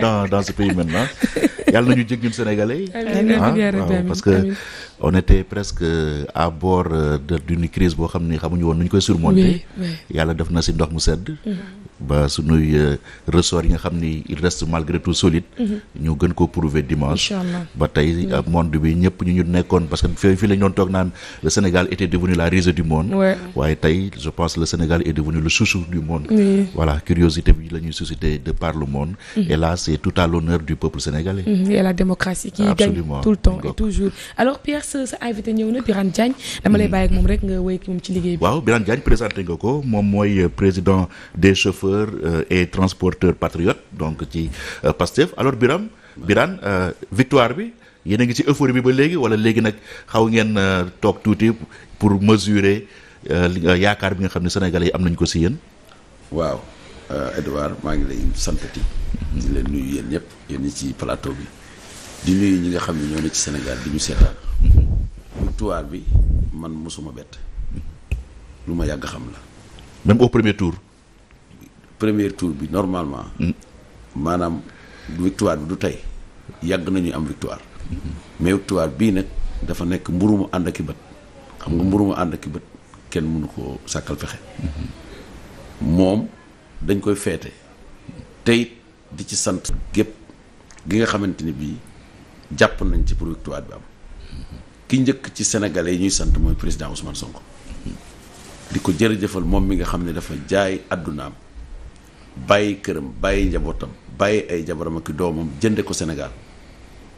dans, dans ce pays maintenant. yàlla nañu jéggal sénégalais yi ah, parce que on était presque à bord euh, d'une crise boo xam ni xamuñu woon nu ñu koy surmonter yàlla def na si ndox mu sedd mm-hmm. ba suñuy euh, ressort yi nga xam ni il reste malgré tout solide mm-hmm. ñoo gën ko prouver dimanche ba tey mm-hmm. monde bi ñëpp ñu ñu nekkoon parce que fii fii la ñu doon toog naan le Sénégal était devenu la risée du monde waaye tey je pense le Sénégal est devenu le chouchou du monde voilà curiosité bi la ñuy susciter de par le monde et là c'est tout à et la démocratie qui gagne tout le temps et toujours alors Pierre sa sa invité ñëw na Birane Diagne dama lay mm. bàyyi ak moom rek nga wéy ki moom ci liggéey bi waaw Birane Diagne présenté nga ko moom mooy euh, président des chauffeurs euh, et transporteurs patriotes donc ci euh, Pastef alors Birame Birane victoire bi yéen a ngi ci euphorie bi ba léegi wala léegi nag xaw ngeen toog tuuti pour mesurer yaakaar bi nga xam ne Sénégalais yi am nañ ko si yéen waaw Edouard maa ngi lay sa di leen nuyu bi di nuyu ñi nga xam ne ñoo ne ci senegal di ñu seetaan victoire bi man mosuma bett lu ma yàgg xam la. même au premier tour. premier tour bi normalement. Hmm. maanaam victoire bi du tey yàgg nañu am victoire. mais victoire bii nag dafa nekk mburu mu ànd ak i xam nga mburu mu ànd ak i bët kenn mënu koo sàkkal fexe. moom dañ koy feete tey di ci sant gépp gi nga xamante ni bii. jàpp nañ ci pour victoire bi am ki njëkk ci sénégalais yi ñuy sant mooy président Ousmane Sonko di ko jërëjëfal moom mi nga xam ne dafa jaay àddunaam bàyyi këram bàyyi njabootam bàyyi ay jabaram ak doomam jënde ko Sénégal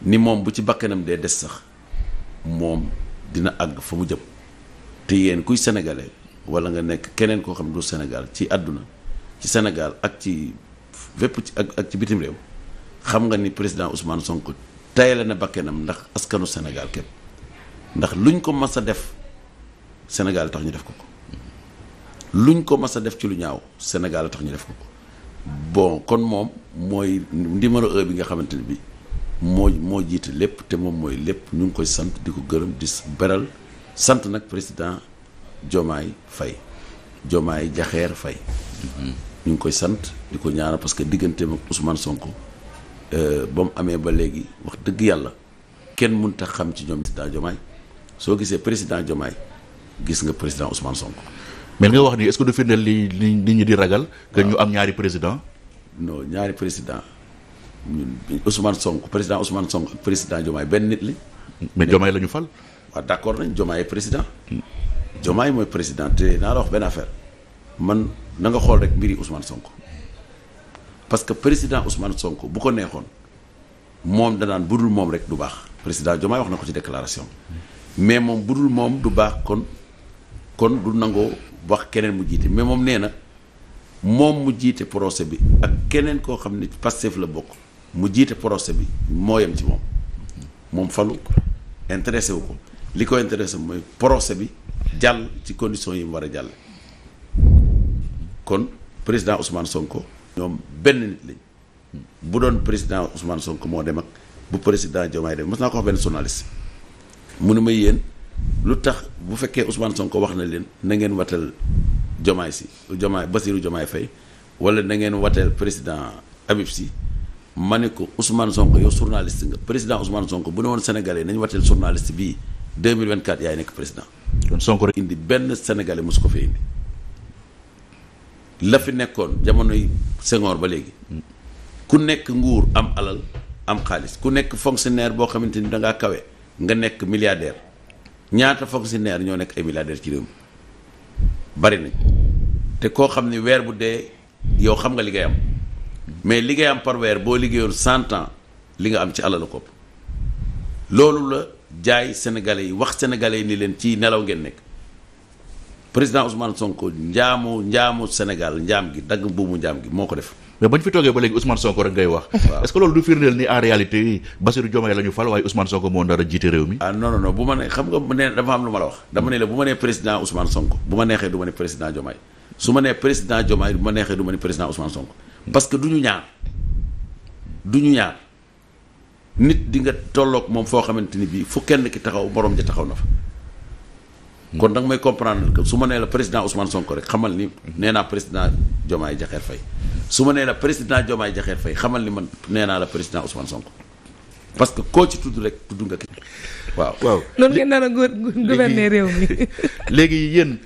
ni moom bu ci bakkanam dee des sax moom dina àgg fa mu jëm kuy sénégalais wala nga nekk keneen koo xam ne du Sénégal ci àdduna ci Sénégal ak ci fépp ci ak ak ci bitim réew xam nga ni président Ousmane Sonko tayale na bakkanam ndax askanu Sénégal képp ndax lu luñ ko mas a def Sénégal tax ñu def ko ko luñ ko mas a def ci lu ñaaw Sénégal tax ñu def ko ko bon kon moom mooy numéro un bi nga xamante ne bii moo moo jiite lépp te moom mooy lépp ñu ngi koy sant di ko gërëm di beral sant nag président Diomaye Faye Diomaye Diakhar fay mhm. ñu ngi koy sant di ko ñaanal parce que digganteem ak Ousmane Sonko. Euh, ba mu amee ba léegi wax dëgg yàlla kenn mun tax xam ci ñoom président Diomaye soo gisee président Diomaye gis nga président Ousmane sonk mais nga wax ni est-ce que du firndeel li di ragal. que ñu am ñaari président non ñaari président ñun Ousmane Sonko président Ousmane Sonko ak président Diomaye benn nit li mais Diomaye la ñu fal. waaw d'accord nañ Diomaye président. Diomaye mooy président te naa la wax benn affaire man na nga xool rek mbiri Ousmane sonk parce que président Ousmane Sonko bu ko neexoon moom danaan budul moom rek du baax président Diomaye wax na ko ci déclaration mais moom budul moom du baax kon kon du nangoo wax keneen mu jiite mais moom nee na moom mu jiite procès bi ak keneen koo xam ne Pastef la bokk mu jiite procès bi moo ci moom moom falu intéressé wu ko li ko intéressé mooy procès bi jàll ci conditions yi mu war a jàll kon président Ousmane Sonko. ñoom benn nit lañ bu doon président Ousmane sonk moo dem ak bu président Diomaye dem mos naa ko wax benn journaliste mu nu ma yeen lu tax bu fekkee Ousmane Sonko wax na leen na ngeen watal Diomaye si Diomaye Basirou Diomaye Faye wala na ngeen watal président Habib Sy ma ne ko Ousmane Sonko yow journaliste nga président Ousmane Sonko bu ne woon sénégalais nañu watal journaliste bii 2024 yaay nekk président. kon Sonko rek indi benn sénégalais su ko fee indi. la fi nekkoon jamonoy Senghor ba léegi ku nekk nguur am alal am xaalis ku nekk fonctionnaire boo xamante ni da ngaa kawe nga nekk milliardaire ñaata fonctionnaire ñoo nekk ay milliardaire ci réew bari nañ te koo xam ni weer bu dee yow xam nga li ngay am mais li ngay am par weer boo liggéeyoon cent ans li nga am ci alalu kopp loolu la jaay sénégalais yi wax sénégalais yi ni leen ci nelaw ngeen nekk président Ousmane Sonko njaamu njaamu Sénégal njaam gi dagg buumu njaam gi moo ko def. mais bañ fi toogee ba léegi Ousmane Sonko rek ngay wax. waaw est-ce que loolu du firndeel ni en réalité Bassirou Diomaye la ñu fal waaye Ousmane Sonko moo nar a jiite réew mi. ah non bu ma nee xam nga bu nee dafa lu ma la wax. dama ne la bu ma nee président Ousmane Sonko bu ma neexee du ma ne président Diomaye su ma nee président ma neexee du ma ne président Ousmane Sonko. parce que du ñu ñaar du ñaar nit di nga tolloog moom foo xamante ni bii fu kenn ki taxaw borom ja taxaw na fa. kon da nga may comprendre que su ma nee la président Ousmane Sonko rek xamal ni nee président jomaay jaxee fay su ma nee la président Diomaye Diakhar fay xamal ni man nee naa la président Ousmane Sonko parce que koo ci tudd rek tudd nga ki waaw waaw loolu ngeen nar a gouverner réew mi léegi yéen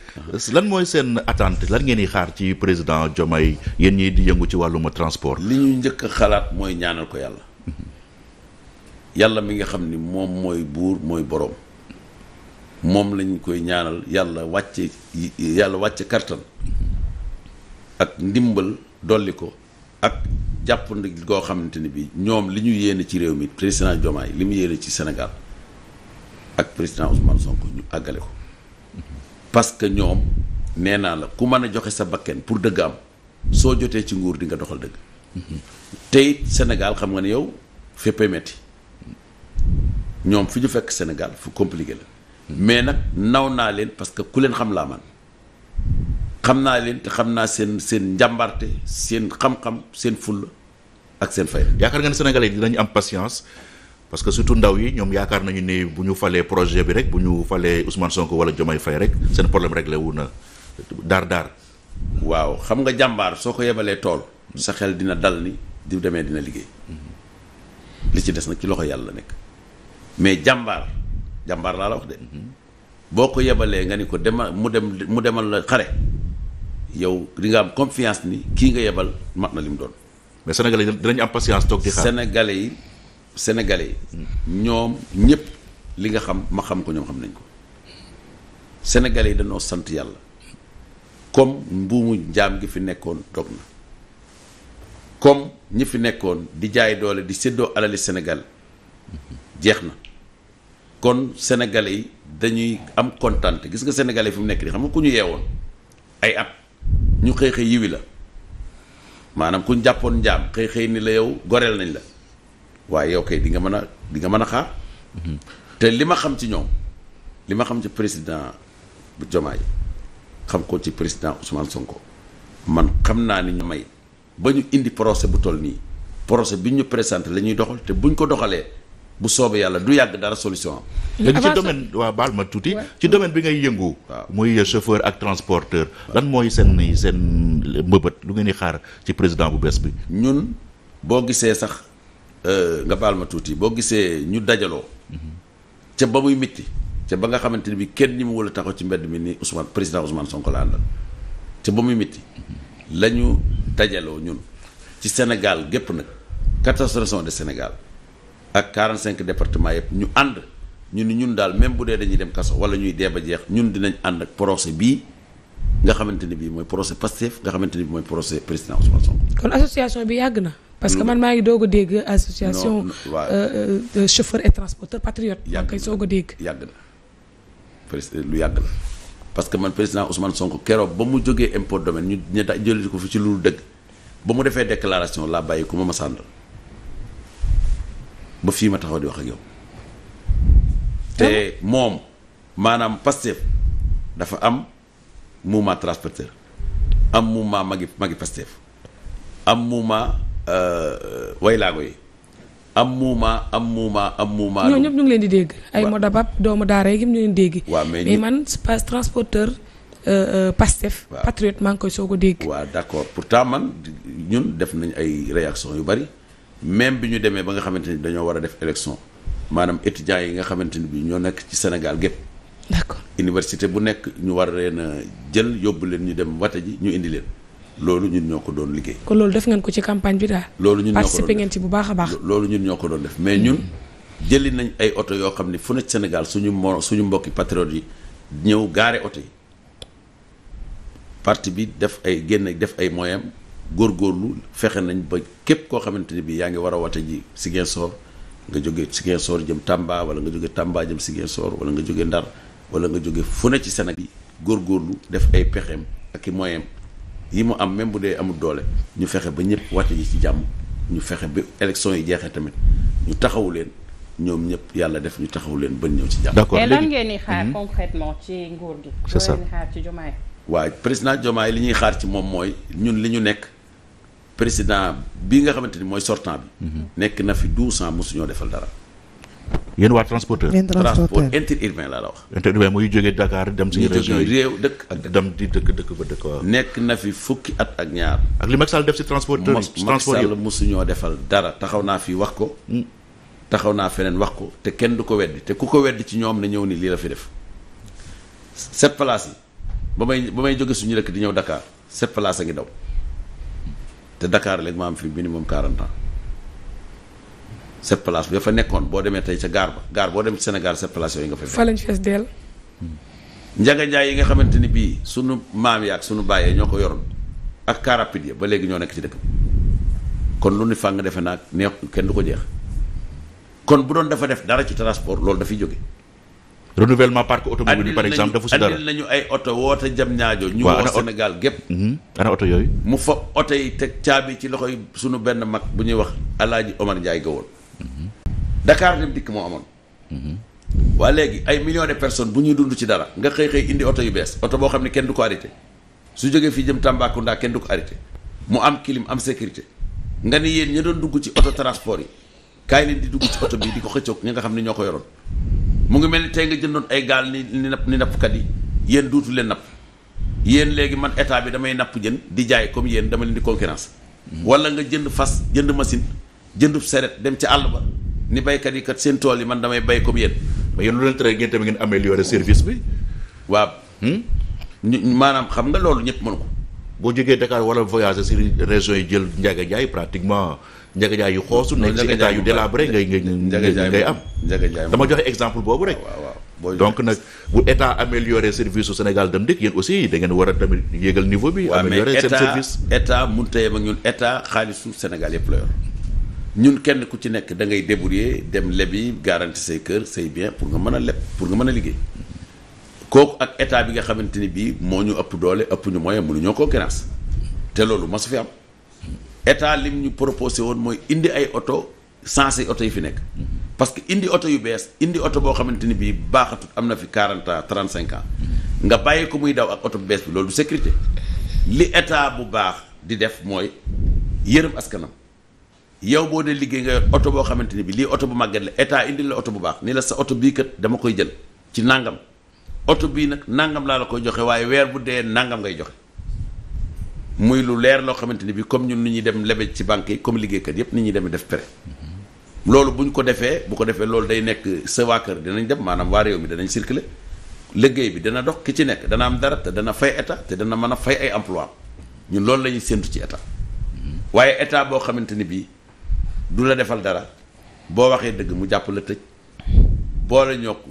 lan mooy seen attente lan ngeen di xaar ci président Diomaye yéen ñii di yëngu ci wàllum transport li ñu njëkk a xalaat mooy ñaanal ko yàlla mhm. yàlla mi nga xam ni moom mooy buur mooy boroom moom lañu koy ñaanal yàlla wàcce yàlla wàcce kartan ak ndimbal dolli ko ak jàpp ndig goo xamante ni bi ñoom li ñu yéene ci réew mi président Diomaye li mu yéene ci senegal ak président Ousmane Sonko ñu àggale ko parce que ñoom nee naa la ku mën a joxe sa bakken pour dëgg am soo jotee ci nguur di nga doxal dëgg tey Sénégal xam nga ne yow féppay metti ñoom fi ñu fekk Sénégal fu compliqué la mais nag naw naa leen parce que ku leen xam laa man xam naa leen te xam naa seen seen njàmbarte seen xam-xam seen fulla ak seen fay. yaakaar nga ne sénégalais yi dinañ am patience parce que surtout ndaw yi ñoom yaakaar nañu ni bu ñu falee projet bi rek bu ñu falee Ousmane Sonko wala jomay Faye rek seen problème réglé wu na daar daar. waaw xam nga jàmbaar soo ko yebalee tool. sa xel dina dal ni di demee dina liggéey. Mm-hmm. li ci des nag ci loxo yàlla nekk mais jàmbaar. jàmbaar laa la wax de. boo ko yebalee nga ni ko demal mu dem mu demal la xare yow di nga am confiance ni kii nga yebal mat na li mu doon. mais sénégalais yi dinañ am toog di xaar sénégalais yi sénégalais yi. ñoom ñëpp li nga xam ma xam ko ñoom xam nañ ko sénégalais yi dañoo sant yàlla comme mbuumu njaam gi fi nekkoon toog na comme ñi fi nekkoon di jaay doole di séddoo alali senegal jeex na. kon sénégalais yi dañuy am kontaan gis nga sénégalais fi mu nekk nii xam nga ku ñu yeewoon ay at ñu xëy xëy yiwi la maanaam ku ñu jàppoon njaam xëy xëy ni la yow goreel nañ la waaye yow kay nga mën a di nga mën a xaar. Mhm. te li ma xam ci ñoom li ma xam ci président bu Diomaye xam ko ci président Ousmane Sonko man xam naa ni ñu may ba ñu indi procès bu toll nii procès bi ñu présenté la ñuy doxal te buñ ko doxalee. bu soobee yàlla du yàgg dara solution am. léegi ci domaine waaw baal ma tuuti. ci domaine bi ngay yëngu. waaw muy chauffeur ak transporteur. lan mooy seen seen mbëbët lu ngeen di xaar ci président bu bees bi. ñun boo gisee sax euh, nga baal ma tuuti boo gisee ñu dajaloo. ca ba muy mitti ca ba nga xamante ni bi kenn ñi mu wala taxaw ci mbedd mi ni Ousmane président Ousmane Sonko la àndal ca ba muy mitti la ñu dajaloo ñun ci Sénégal gépp nag quatre régions de Sénégal. ak cinq départements yëpp ñu ànd ñu ni ñun daal même bu dee dañuy dem kaso wala ñuy dee ba jeex ñun dinañ ànd ak procès bii nga xamante ni bii mooy procès Pastef nga xamante ni bii mooy procès président Ousmane Sonko. kon association bi yàgg na. parce que man maa ngi doog a dégg. association euh, euh, chauffeur et transporteur patriote. yàgg koy soog a dégg. yàgg na président lu yàgg la parce que man président Ousmane Sonko keroog ba mu jógee impôt domaine ñu ñu jëlee ko fi ci lu dëgg ba mu defee déclaration laa bàyyi ku ma ma sàndal ba fii ma taxaw di wax ak yow. Ah te moom maanaam Pastef dafa am mouvement transporteur am mouvement magi magi Pastef am mouvement euh, waylaago yi am mouvement am mouvement am mouvement. ñooñu ñëpp ñu ngi leen di dégg. ay Modabab doomu daara yi ñu ngi leen di dégg. waaw mais mais man transporteur. Euh, euh, Pastef. patriote maa ngi koy soog a dégg. waaw pour pourtant man ñun def nañ ay réaction yu bari. même bi ñu demee ba nga xamante ni dañoo war a def élection maanaam étudiants yi nga xamante ni bi ñoo nekk ci Sénégal gépp d'accord université bu nekk ñu war leen a jël yóbbu leen ñu dem wate ji ñu indi leen loolu ñun ñoo ko doon liggéey. kon loolu def ngeen ko ci campagne bi daal. loolu ñun ñoo ko doon participé ngeen ci bu baax a baax. loolu ñun ñoo ko doon def mais ñun mm-hmm. jëli nañ ay oto yoo xam ne fu ne Sénégal suñu mo suñu mbokki patriotes yi ñëw gaare oto yi parti bi def ay génn def ay moyens góor góorgóorlu fexe nañ ba képp koo xamante ni bi yaa ngi war a wate ji Ziguinchor nga jóge Ziguinchor jëm Tamba wala nga jóge Tamba jëm Ziguinchor wala nga jóge Ndar wala nga jóge fu ne ci Sénégal bi góorgóorlu def ay pexeem ak i yi mu am même bu dee amul doole ñu fexe ba ñëpp wate ji ci jàmm ñu fexe ba élection yi jeexee tamit ñu taxawu leen ñoom ñëpp yàlla def ñu taxawu leen ba ñëw ci jàmm. d'accord léegi mais lan mhm. gi. c'est ça xaar ci li ñuy xaar ci moom mooy ñun li ñu nekk président bi nga xamante ni mooy sortant bi. Mhm. nekk na fi douze ans mosuñoo defal dara. yéen waa transporteur. transport interurbain laa la wax. interurbain mooy jógee Dakar dem si région yi dëkk ak dem di dëkk dëkk ba dëkk nekk na fi fukki at ak ñaar. ak li Macky Sall def si transporteur yi transport yi Macky Sall mosuñoo defal dara taxaw naa fii wax ko. Hmm. taxaw naa feneen wax ko te kenn du ko weddi te ku ko weddi ci ñoom na ñëw nii lii la fi def. sept places yi ba may ba may jóge suñu rëkk di ñëw Dakar sept a ngi daw. te Dakar léegi ma am fi minimum 40 ans cette place bi dafa nekkoon boo demee tey sa gaar ba gaar boo dem Sénégal cette place yooyu nga fay. fa lañ fees dell. Njaga Njaay yi nga xamante ni bii sunu maam ak sunu bàyyee ñoo ko yoroon ak car ya ba léegi ñoo nekk ci dëkk kon lu ni fàng defe naag neex kenn du ko jeex kon bu doon dafa def dara ci transport loolu dafay jóge renouvellement parc automobile bi par exemple defu si dara andil nañu ay oto woote jam ñaajo ñu woo Sénégal gépp mhm. ana oto yooyu mu fa oto yi teg caabi ci loxo loxoy suñu benn mag bu ñuy wax alaaji Omar Ndiaye woon mhm. Dakar dem dikk moo amoon mhm. waa léegi ay millions de personnes bu ñuy dund ci dara nga xëy xëy indi oto yu bees oto boo xam ne kenn du ko arrêté su jógee fii jëm Tambacounda kenn du ko arrêté mu am clim am sécurité nga ni yéen ña doon dugg ci oto transport yi kaay leen di dugg ci di ko xëccoog ñi nga xam ne ñoo ko yoroon mu ngi mel ni tey nga jëndoon ay gaal ni ni napp ni nappkat yi yéen duutu leen napp yéen léegi man état bi damay napp jën di jaay comme yéen dama leen di concurrence wala nga jënd fas jënd machine jënd seret dem ci àll ba ni baykat yi kat seen tool yi man damay bay comme yéen. mais yéen lu leen tere ngeen tamit ngeen améliorer service bi. waaw. Hmm? maanaam xam nga loolu ñëpp mënu ko. boo jógee Dakar wala voyage si régions yi jël Ndiaga Ndiaye pratiquement. njëgëjaay yu xoosu nekk ci état yu délabré ngay ngay ngay am dama joxe exemple boobu rek donc nag bu état améliorer service su Sénégal dem dikk yéen aussi da ngeen war a tamit yéegal niveau bi améliorer seen service état mun tayem ak ñun état xaalisu Sénégal yëpp la yor ñun kenn ku ci nekk da ngay débrouiller dem lebi garanti say kër say bien pour nga mën a leb pour nga mën a liggéey kooku ak état bi nga xamante ni bii moo ñu ëpp doole ëpp ñu moyen mënuñoo concurrence te loolu ma fi am état lim ñu proposé woon mooy indi ay oto sensé oto yi fi nekk. parce que indi oto yu bees indi oto boo xamante ni bii baaxatut am na fi quarante ans trente cinq ans nga bàyyi ko muy daw ak oto bu bees bi loolu du sécurité li état bu baax di def mooy yërëm askanam yow boo dee liggéey nga yor oto boo xamante ni bii lii oto bu màgget la état indi la oto bu baax ni la sa oto bii kat dama koy jël ci nangam oto bii nag nangam laa la koy joxe waaye weer bu dee nangam ngay joxe. muy lu leer loo xamante ni bi comme ñun ni ñuy dem lebe ci banque yi comme liggéeykat yëpp ni ñuy demee def prêt loolu bu ñu ko defee bu ko defee loolu day nekk sa waa kër dinañ dem maanaam waa réew mi danañ circuler liggéey bi dana dox ki ci nekk dana am dara te dana fay état te dana mën a fay ay emploi ñun loolu lañuy ñuy séntu ci état waaye état boo xamante ni bii du la defal dara boo waxee dëgg mu jàpp la tëj boo la ñokk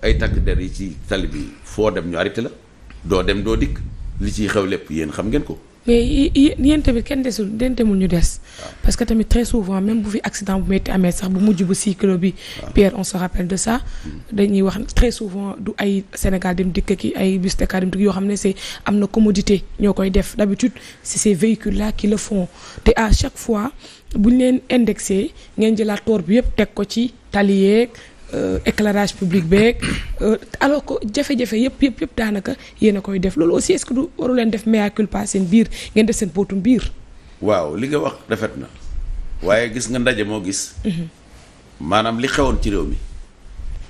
ay takk der yi ci tali bi foo dem ñu arrêté la doo dem doo dikk li ciy xew lépp yéen xam ngeen ko mais yéen tamit kenn desul lente demul ñu des parce que tamit très souvent même bu fi accident bu metti amee sax bu mujj bu cyclo bi ah. Pierre on se rappelle de ça hmm. dañuy wax très souvent du ay Sénégal dem dikk ki ay bus Dakar yoo xam ne c'est am na commodité ñoo koy def d'habitude c'est ces véhicules là qui le font te à chaque fois buñ leen indexé ngeen jëlaat toor bi yëpp teg ko ci tali Euh, éclairage public beeg euh, aloo ko jafe-jafe yëpp yëpp yëpp daanaka yéen a koy def loolu aussi est-ce que du waru leen def mea culpa seen biir ngeen def seen pootum biir. waaw li nga wax rafet na waaye gis nga ndaje moo gis. Mhm. maanaam li xewoon ci réew mi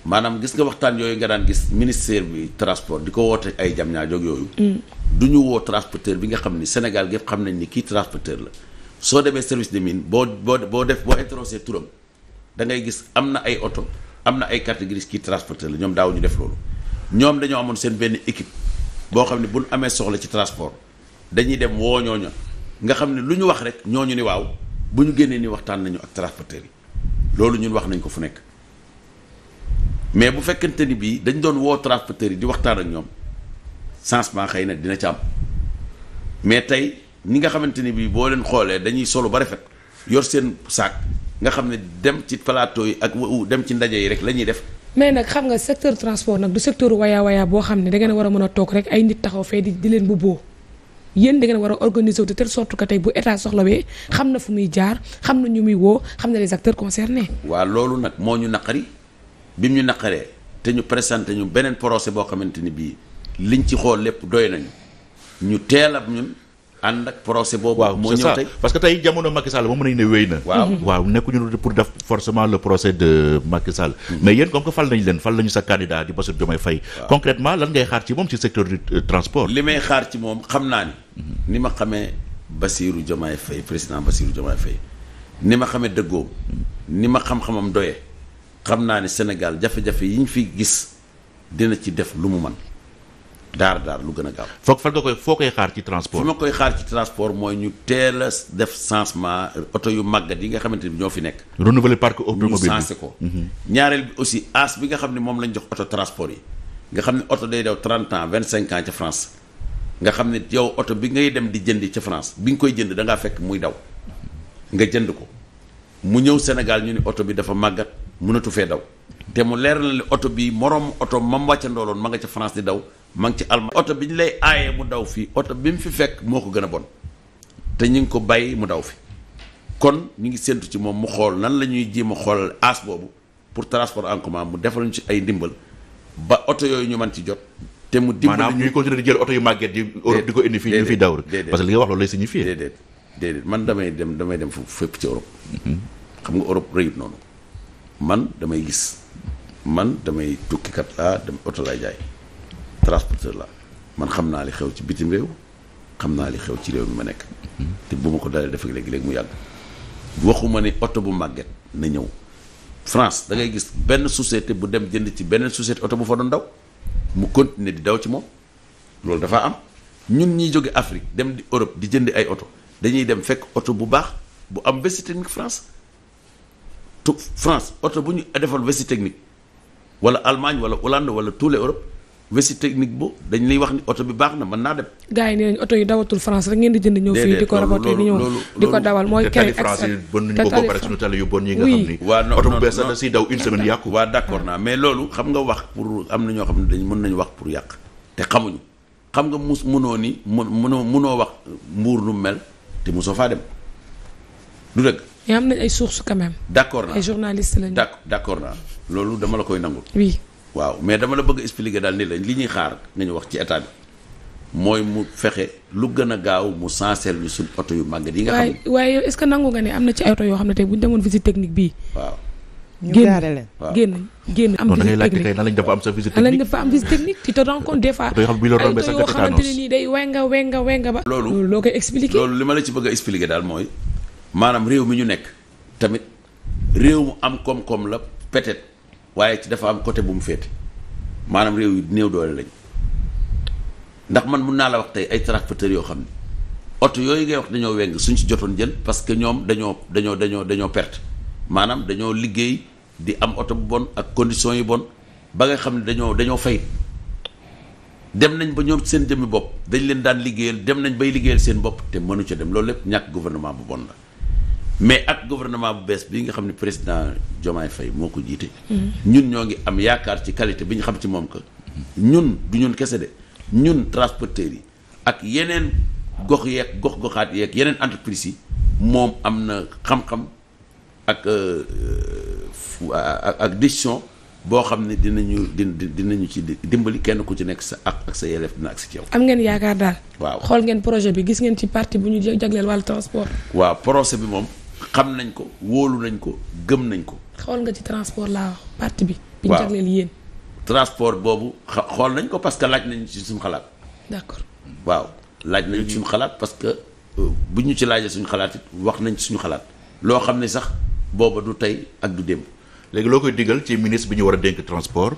maanaam gis nga waxtaan yooyu nga daan gis ministère bi transport di ko woote ay jam ñaa jóg yooyu. Mm. du ñu woo transporteur bi nga xam ni Sénégal gépp xam nañ ni kii transporteur la soo demee service des mines boo boo boo def boo interrogé turam da ngay gis am na ay oto. am na ay carte grise kii transporteur la ñoom daaw ñu def loolu ñoom dañoo amoon seen benn équipe boo xam ne buñ amee soxla ci transport dañuy dem woo ñooñu nga xam ne lu ñu wax rek ñooñu ni waaw bu ñu génnee ni waxtaan nañu ak transporteurs yi loolu ñun wax nañ ko fu nekk mais bu fekkente ni bii dañ doon woo transporteurs yi di waxtaan ak ñoom changement xëy na dina ci am mais tey ni nga xamante ni bii boo leen xoolee dañuy solo ba rafet yor seen saak nga xam ne dem ci plateau yi ak dem ci ndaje yi rek la ñuy def. mais nag xam nga secteur transport nag du secteur waya waya boo xam ne da ngeen war a mën a toog rek ay nit taxaw fee di di leen bu boo yéen da ngeen war a organiser te telle sorte que tey bu état soxlawee xam na fu muy jaar xam na ñu muy woo xam na les acteurs concernés. waaw loolu nag moo ñu naqari bim ñu naqaree te ñu présenté ñu beneen procès boo xamante ni bii liñ ci xool lépp doy nañu ànd ak procès boobu. moo ñëw tey parce que tey jamono Macky Sall moom mën nañu ne wéy na. waaw waaw nekkuñu pour def forcément le procès de Macky Sall. mais yéen comme que fal nañu leen fal nañu sa candidat di Bassirou Diomaye Faye. concrètement lan ngay xaar ci moom ci secteur du euh, transport. li may xaar ci moom xam naa ni. Mhm. ni ma xamee basiiru jomaa Faye président Bassirou Diomaye Faye ni ma xamee dëggoom mhm. ni ma xam-xamam doyee xam naa ne Sénégal jafe-jafe yi ñu fi gis dina ci def lu mu man daar daar lu gën a gaaw. foog fa nga koy foo koy xaar ci transport. fu ma koy xaar ci transport mooy ñu teel a def changement oto yu màggat yi nga xamante ni ñoo fi nekk. renouveler parc automobile ñu sensé ko. Mhm. ñaareel bi aussi as bi nga xam ne moom lañ jox oto transport nga xam ne oto day daw 30 vingt 25 ans ca France nga xam ne yow oto bi ngay dem di jënd ca France bi nga koy jënd da ngaa fekk muy daw nga jënd ko mu ñëw Sénégal ñu ne oto bi dafa màggat mënatu fee daw te mu leer na ne oto bi moroom oto mam wàccandooloon ma nga ca France di daw. ma ci Allemagne oto bi ñu lay aaye mu daw fii oto bi mu fi fekk moo ko gën a bon te ñu ngi ko bàyyi mu daw fi kon ñu ngi séntu ci moom mu xool nan la ñuy jéem a xoolal aas boobu pour transport en commun mu defal ñu ci ay ndimbal ba oto yooyu ñu mën ci jot. te mu dimbali maanaam ñuy continuer di jël oto màgget yi. Europe di ko indi fii ñu fiy daw parce que li nga wax loolu man damay dem damay dem fépp ci Europe. Mhm. xam nga Europe rëyut noonu man damay gis man damay tukkikat laa dem oto laay jaay. transporteur la man xam naa li xew ci bitim réew xam naa li xew ci réew mi ma nekk te bu ma ko dalee def léegi-léegi mu yàgg waxuma ne oto bu màgget na ñëw France da ngay gis benn société bu dem jënd ci beneen société oto bu fa doon daw mu continuer di daw ci moom loolu dafa am ñun ñiy jóge Afrique dem di Europe di jënd ay oto dañuy dem fekk oto bu baax bu am visite technique France tu France oto bu ñu defal visite technique wala Allemagne wala Hollande wala tous les Europe visite technique bu dañ lay wax ni oto bi baax na mën naa dem. gaa yi nee nañ oto yi dawatul France rek ngeen di jënd ñëw fii di ko raboté di ñëw di ko dawal mooy keneen France nañu ko ba pare suñu tali yu bon yi daw une semaine yàqu waa d'accord naa mais loolu xam nga wax pour am na ñoo xam ne dañ mën nañu wax pour yàq te xamuñu xam nga mus mënoo ni mun mënoo munoo wax mbuur nu mel te musoo faa dem du dëgg mais am nañ ay sources quand même d'accord naa ay journalistes lañu d'accord naa loolu dama la koy nangul oui waaw mais dama la bëgg expliquer daal ni la li ñuy xaar nga ñu wax ci état bi mooy mu fexe lu gën a gaaw mu senser ñu suñ oto yu màggat yi nga xam ne waaye yow nangu nga ne am na ci ato yoo xam ne tey bu ñu demoon visite technique bii waaw ñu gaare leen génn génn am visite technique nan am sa visite technique nan lañ dafa am visite technique tu te rends compte des fois ay oto yoo xamante ne nii day wenga wenga wenga ba loolu loolu li ma la ci bëgg a expliquer daal mooy maanaam réew mi ñu nekk tamit réew mu am koom-koom la peut-être waaye ci dafa am côté bu mu féete maanaam réew yu néew doole lañ ndax man mun naa la wax tey ay tracteurs yoo xam ne oto yooyu ngay wax dañoo weng suñ si jotoon jël parce que ñoom dañoo dañoo dañoo dañoo perte maanaam dañoo liggéey di am oto bu bon ak conditions yu bon ba nga xam ne dañoo dañoo fay dem nañ ba ñoom seen jëmmi bopp dañ leen daan liggéeyal dem nañ bay liggéeyal seen bopp te mënu ca dem loolu lépp ñàkk gouvernement bu bon la mais ak gouvernement bu bees bii nga xam ne président Diomaye fay moo ko jiite. Mm-hmm. ñun ñoo ngi am yaakaar ci qualité bi ñu xam ci moom que ñun du ñun kese de ñun transporteurs yi ak yeneen gox yeeg gox goxaat yeeg yeneen entreprise yi moom am na xam-xam ak euh, ak distion boo xam ne ñu dinañu dinañu ci dimbali kenn ku ci nekk sa ak ak sa yelleef dina ak si yow. am ngeen yaakaar daal. waaw xool ngeen projet bi gis ngeen ci parti bu ñu jagleel wàllu transport. waaw projet bi moom. xam nañ ko wóolu nañ ko gëm nañ ko. xool nga ci transport laa parti bi. bi ñu jagleel yéen. transport boobu xool nañ ko parce que laaj nañ ci suñu xalaat. d'accord waaw laaj nañu ci suñu xalaat parce que euh, bu ñu ci laajee suñu xalaat it wax nañ ci suñu xalaat loo xam ne sax booba du tey ak du démb. léegi loo koy digal ci ministre bi ñu war a dénk transport.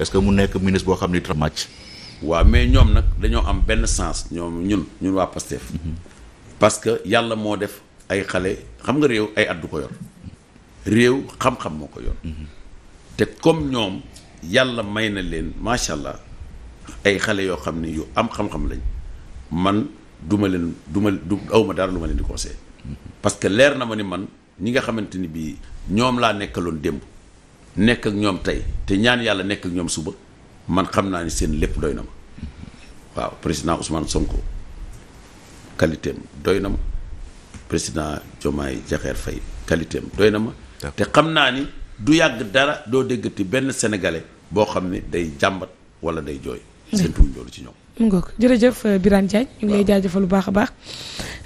est que mu nekk ministre boo xam ni màcc. waaw mais ñoom nag dañoo am benn sens ñoom ñun ñun waa Pastef. Mhm. parce que yàlla moo def. ay xale xam nga réew ay at ko yor réew xam-xam moo ko yor mhm. te comme ñoom yàlla may na leen macha allah ay xale yoo xam ne yu am xam-xam lañ man duma leen duma du awma dara lu ma leen di conseil mhm. parce que leer na ma ni man ñi nga xamante ni bii ñoom laa nekkaloon démb nekk ak ñoom tey te ñaan yàlla nekk ak ñoom suba man xam naa ni seen lépp doy na ma mhm. waaw président Ousmane Sonko qualité doy na ma président Diomaye Diakhar Faye fay am doy na ma. te xam naa ni du yàgg dara doo déggati benn sénégalais boo xam ne day jàmbat wala day jooy. seentuwuñ loolu ci ñoom. mu ngoog jërëjëf euh, Birane Diagne. ñu ngi lay jaajëfal bu baax a baax.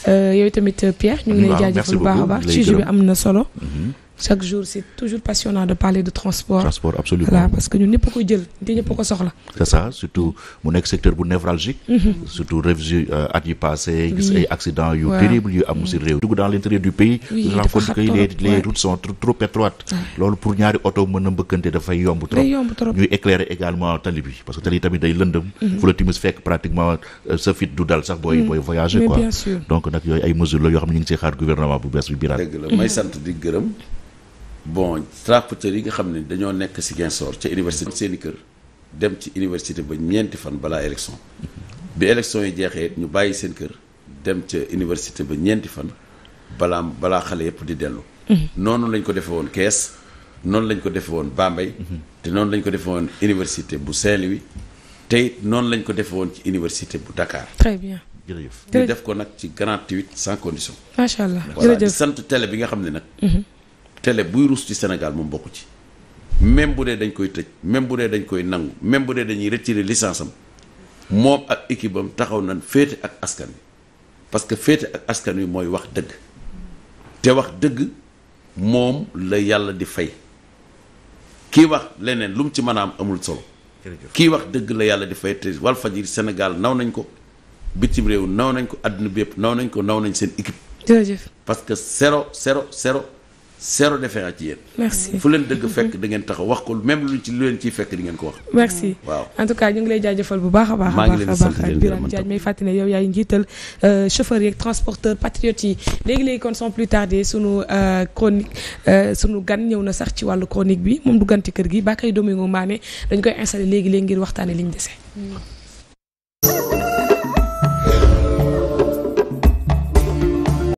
Euh, yow tamit euh, Pierre. ñu ngi lay jaajëfal lu baax a baax sujet bi am na solo. Mm-hmm. chaque jour c'est toujours passionnant de parler de transport. transport absolument voilà parce que ñun ñëpp a ko jël te ñëpp a ko soxla. c'est ça surtout mu nekk secteur bu névralgique. Mhm. surtout révision euh, at yi passé gis si mm. réew. dugg dans l'intérieur du pays. oui rencontre trop étroites. loolu pour ñaari oto mën a mbëkkante dafay yomb trop. yomb éclairer également tali bi parce que tali tamit day lëndëm. Mhm. fu la timis fekk pratiquement euh, sa fit du dal sax booy mhm. booy voyager quoi. donc nag bon rapporteurs yi nga xam ne dañoo nekk si Ziguinchor ca université seeni kër dem ci université ba ñeenti fan balaa élection bi élection yi jeexee ñu bàyyi seen kër dem ca université ba ñeenti fan balaa balaa xale yëpp di dellu mhm. noonu lañ ko defee woon Kees noonu lañ ko defee woon Bambey mhm. te noonu lañ ko defee woon université bu Saint-Louis te it noonu lañ ko defee woon ci université bu Dakar très bien jërëjëf def ko nag ci gratuit sans condition macha allah jërëjëf voilà di sant télé bi nga xam ne nag mhm. télé buy ruus ci Sénégal moom bokku ci même bu dee dañ koy tëj même bu dee dañ koy nangu même bu dee dañuy retirer licence moom ak équipe am taxaw nañ féete ak askan wi parce que féete ak askan wi mooy wax dëgg te wax dëgg moom la yàlla di fay kiy wax leneen lu mu ci mën a am amul solo kii wax dëgg la yàlla di fay te Walfadjri Sénégal naw nañ ko bitim réew naw nañ ko àdduna bi yëpp naw nañ ko naw nañ seen équipe jërëjëf parce que zéro zéro defee ak yéen. fu leen dëgg fekk da ngeen taxaw wax ko même lu ci lu leen ciy fekk di ngeen ko wax. merci waaw en tout cas ñu ngi lay jaajëfal bu baax a baax. a ngi leen di sant di leen gërëm may fàttali ne yow yaay njiital euh, chauffeur yeeg transporteur patriote yi léegi léegi kon sans plus tarder sunu euh, chronique euh, sunu gan ñëw na sax ci wàllu chronique bi moom du gan kër gi Bakary Domingo Mané dañ koy installé léegi léegi ngir waxtaanee liñ dese. Mm.